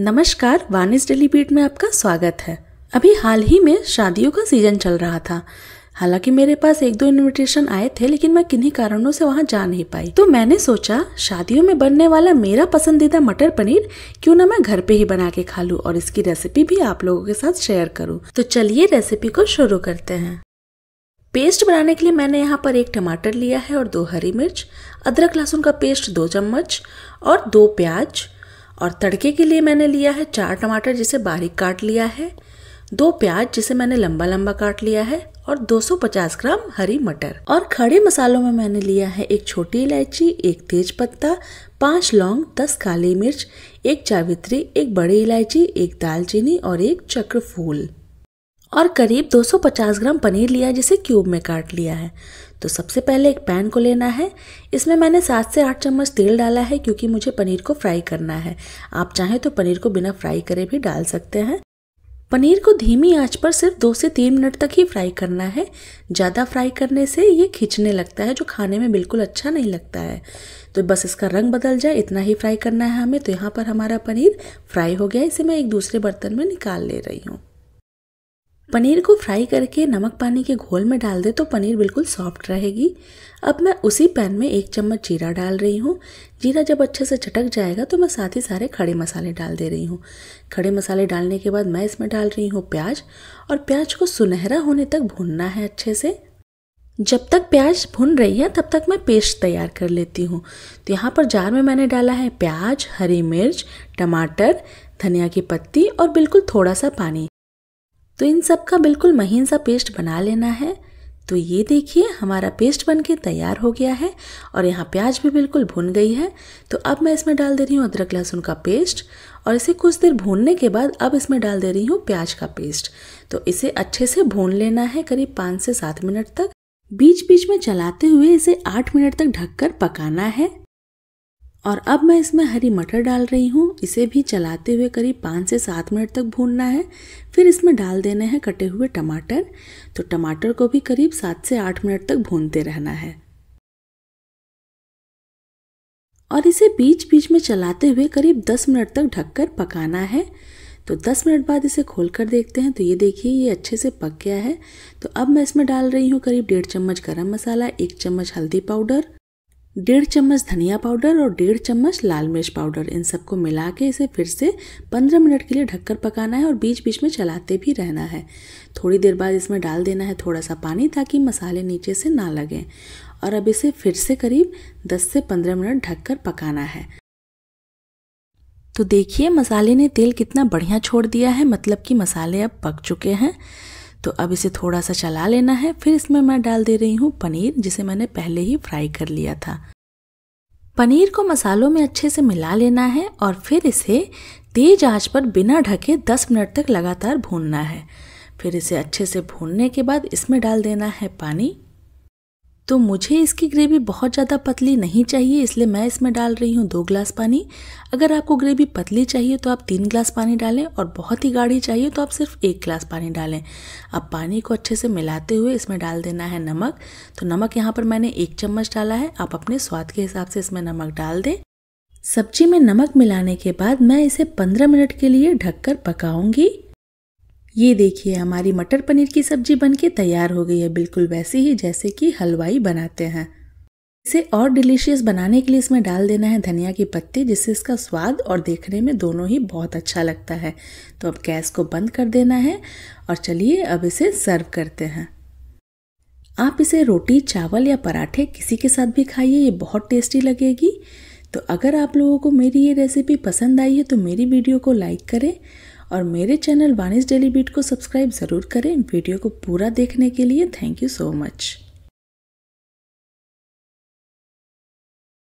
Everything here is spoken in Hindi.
नमस्कार वानिस डेली बीट में आपका स्वागत है अभी हाल ही में शादियों का सीजन चल रहा था हालांकि मेरे पास एक दो इनविटेशन आए थे लेकिन मैं किन्हीं कारणों से वहां जा नहीं पाई तो मैंने सोचा शादियों में बनने वाला मेरा पसंदीदा मटर पनीर क्यों ना मैं घर पे ही बना के खा लूँ और इसकी रेसिपी भी आप लोगों के साथ शेयर करूँ तो चलिए रेसिपी को शुरू करते हैं पेस्ट बनाने के लिए मैंने यहाँ पर एक टमाटर लिया है और दो हरी मिर्च अदरक लहसुन का पेस्ट दो चम्मच और दो प्याज और तड़के के लिए मैंने लिया है चार टमाटर जिसे बारीक काट लिया है दो प्याज जिसे मैंने लंबा लंबा काट लिया है और 250 ग्राम हरी मटर और खड़े मसालों में मैंने लिया है एक छोटी इलायची एक तेज पत्ता पांच लौंग दस काली मिर्च एक चावित्री एक बड़ी इलायची एक दालचीनी और एक चक्र फूल और करीब 250 ग्राम पनीर लिया जिसे क्यूब में काट लिया है तो सबसे पहले एक पैन को लेना है इसमें मैंने सात से आठ चम्मच तेल डाला है क्योंकि मुझे पनीर को फ्राई करना है आप चाहें तो पनीर को बिना फ्राई करे भी डाल सकते हैं पनीर को धीमी आंच पर सिर्फ दो से तीन मिनट तक ही फ्राई करना है ज़्यादा फ्राई करने से ये खींचने लगता है जो खाने में बिल्कुल अच्छा नहीं लगता है तो बस इसका रंग बदल जाए इतना ही फ्राई करना है हमें तो यहाँ पर हमारा पनीर फ्राई हो गया इसे मैं एक दूसरे बर्तन में निकाल ले रही हूँ पनीर को फ्राई करके नमक पानी के घोल में डाल दे तो पनीर बिल्कुल सॉफ्ट रहेगी अब मैं उसी पैन में एक चम्मच जीरा डाल रही हूँ जीरा जब अच्छे से चटक जाएगा तो मैं साथ ही सारे खड़े मसाले डाल दे रही हूँ खड़े मसाले डालने के बाद मैं इसमें डाल रही हूँ प्याज और प्याज को सुनहरा होने तक भूनना है अच्छे से जब तक प्याज भुन रही है तब तक मैं पेस्ट तैयार कर लेती हूँ तो यहाँ पर जार में मैंने डाला है प्याज हरी मिर्च टमाटर धनिया की पत्ती और बिल्कुल थोड़ा सा पानी तो इन सब का बिल्कुल महीन सा पेस्ट बना लेना है तो ये देखिए हमारा पेस्ट बन के तैयार हो गया है और यहाँ प्याज भी बिल्कुल भुन गई है तो अब मैं इसमें डाल दे रही हूँ अदरक लहसुन का पेस्ट और इसे कुछ देर भूनने के बाद अब इसमें डाल दे रही हूँ प्याज का पेस्ट तो इसे अच्छे से भून लेना है करीब पाँच से सात मिनट तक बीच बीच में चलाते हुए इसे आठ मिनट तक ढककर पकाना है और अब मैं इसमें हरी मटर डाल रही हूँ इसे भी चलाते हुए करीब पाँच से सात मिनट तक भूनना है फिर इसमें डाल देने हैं कटे हुए टमाटर तो टमाटर को भी करीब सात से आठ मिनट तक भूनते रहना है और इसे बीच बीच में चलाते हुए करीब दस मिनट तक ढककर पकाना है तो दस मिनट बाद इसे खोल कर देखते हैं तो ये देखिए ये अच्छे से पक गया है तो अब मैं इसमें डाल रही हूँ करीब डेढ़ चम्मच गरम मसाला एक चम्मच हल्दी पाउडर डेढ़ चम्मच धनिया पाउडर और डेढ़ चम्मच लाल मिर्च पाउडर इन सबको मिला के इसे फिर से 15 मिनट के लिए ढककर पकाना है और बीच बीच में चलाते भी रहना है थोड़ी देर बाद इसमें डाल देना है थोड़ा सा पानी ताकि मसाले नीचे से ना लगें और अब इसे फिर से करीब 10 से 15 मिनट ढककर पकाना है तो देखिए मसाले ने तेल कितना बढ़िया छोड़ दिया है मतलब कि मसाले अब पक चुके हैं तो अब इसे थोड़ा सा चला लेना है फिर इसमें मैं डाल दे रही हूँ पनीर जिसे मैंने पहले ही फ्राई कर लिया था पनीर को मसालों में अच्छे से मिला लेना है और फिर इसे तेज आंच पर बिना ढके 10 मिनट तक लगातार भूनना है फिर इसे अच्छे से भूनने के बाद इसमें डाल देना है पानी तो मुझे इसकी ग्रेवी बहुत ज़्यादा पतली नहीं चाहिए इसलिए मैं इसमें डाल रही हूँ दो ग्लास पानी अगर आपको ग्रेवी पतली चाहिए तो आप तीन ग्लास पानी डालें और बहुत ही गाढ़ी चाहिए तो आप सिर्फ एक ग्लास पानी डालें अब पानी को अच्छे से मिलाते हुए इसमें डाल देना है नमक तो नमक यहाँ पर मैंने एक चम्मच डाला है आप अपने स्वाद के हिसाब से इसमें नमक डाल दें सब्जी में नमक मिलाने के बाद मैं इसे 15 मिनट के लिए ढककर पकाऊंगी ये देखिए हमारी मटर पनीर की सब्जी बनके तैयार हो गई है बिल्कुल वैसी ही जैसे कि हलवाई बनाते हैं इसे और डिलीशियस बनाने के लिए इसमें डाल देना है धनिया की पत्ती जिससे इसका स्वाद और देखने में दोनों ही बहुत अच्छा लगता है तो अब गैस को बंद कर देना है और चलिए अब इसे सर्व करते हैं आप इसे रोटी चावल या पराठे किसी के साथ भी खाइए ये बहुत टेस्टी लगेगी तो अगर आप लोगों को मेरी ये रेसिपी पसंद आई है तो मेरी वीडियो को लाइक करें और मेरे चैनल वानिस डेली बीट को सब्सक्राइब ज़रूर करें वीडियो को पूरा देखने के लिए थैंक यू सो मच